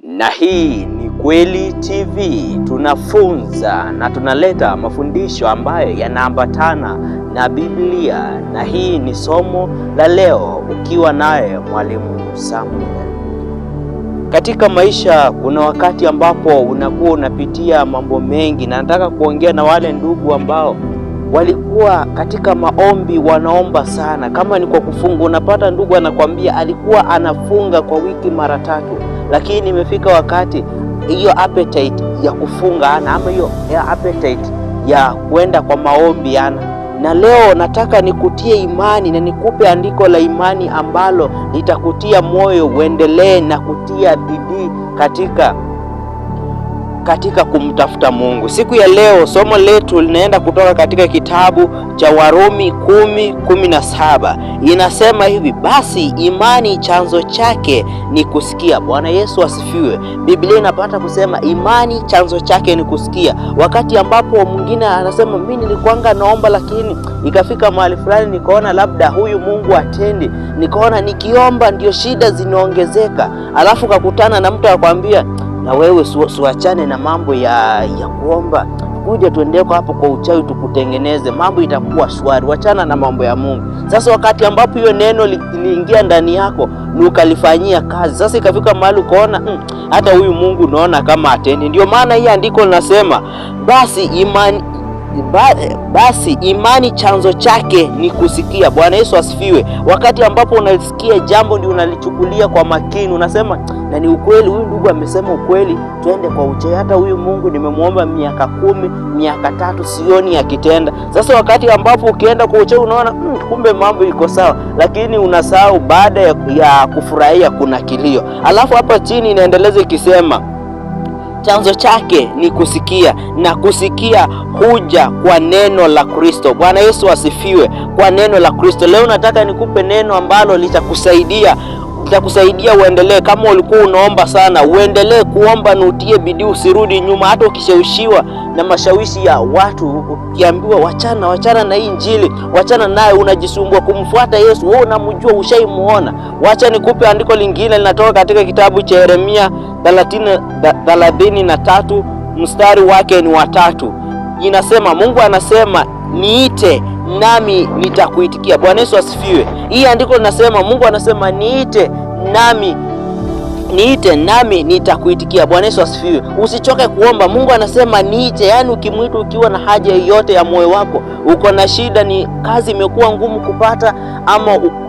Na hii ni Kweli TV, tunafunza na tunaleta mafundisho ambayo yanaambatana na Biblia, na hii ni somo la leo, ukiwa naye mwalimu Samuel. Katika maisha kuna wakati ambapo unakuwa unapitia mambo mengi, na nataka kuongea na wale ndugu ambao walikuwa katika maombi, wanaomba sana. Kama ni kwa kufunga, unapata ndugu anakwambia alikuwa anafunga kwa wiki mara tatu lakini imefika wakati hiyo appetite ya kufunga ana ama hiyo appetite ya kwenda kwa maombi ana na leo nataka nikutie imani na nikupe andiko la imani ambalo litakutia moyo uendelee na kutia bidii katika katika kumtafuta Mungu. Siku ya leo somo letu linaenda kutoka katika kitabu cha Warumi kumi kumi na saba. Inasema hivi, basi imani chanzo chake ni kusikia. Bwana Yesu asifiwe. Biblia inapata kusema imani chanzo chake ni kusikia, wakati ambapo mwingine anasema mimi nilikwanga naomba, lakini ikafika mahali fulani nikaona labda huyu Mungu atendi, nikaona nikiomba ndio shida zinaongezeka, alafu kakutana na mtu akwambia na wewe suachane na mambo ya, ya kuomba. Kuja tuendeko hapo kwa uchawi tukutengeneze, mambo itakuwa shwari. Wachana na mambo ya Mungu. Sasa wakati ambapo hiyo neno liingia li ndani yako ni ukalifanyia kazi, sasa ikafika mahali ukaona mm, hata huyu Mungu unaona kama atendi. Ndio maana hii andiko linasema basi imani basi imani chanzo chake ni kusikia. Bwana Yesu asifiwe. Wakati ambapo unalisikia jambo ndio unalichukulia kwa makini, unasema na ni ukweli, huyu ndugu amesema ukweli, twende kwa uche. Hata huyu Mungu nimemwomba miaka kumi, miaka tatu, sioni akitenda. Sasa wakati ambapo ukienda kwa uche unaona mm, kumbe mambo iko sawa, lakini unasahau baada ya kufurahia kuna kilio. Alafu hapa chini inaendeleza ikisema chanzo chake ni kusikia na kusikia huja kwa neno la Kristo. Bwana Yesu asifiwe, kwa neno la Kristo. Leo nataka nikupe neno ambalo litakusaidia litakusaidia uendelee. Kama ulikuwa unaomba sana, uendelee kuomba na utie bidii, usirudi nyuma, hata ukishawishiwa na mashawishi ya watu. Ukiambiwa wachana, wachana na hii Injili, wachana naye, unajisumbua kumfuata Yesu. Wewe unamjua, ushaimuona. Wacha nikupe andiko lingine, linatoka katika kitabu cha Yeremia 33 mstari wake ni watatu. Inasema, Mungu anasema niite nami nitakuitikia. Bwana Yesu asifiwe. Hii andiko linasema Mungu anasema niite nami niite nami nitakuitikia. Bwana Yesu asifiwe. Usichoke kuomba. Mungu anasema niite, yaani ukimwita ukiwa na haja yoyote ya moyo wako, uko na shida, ni kazi imekuwa ngumu kupata ama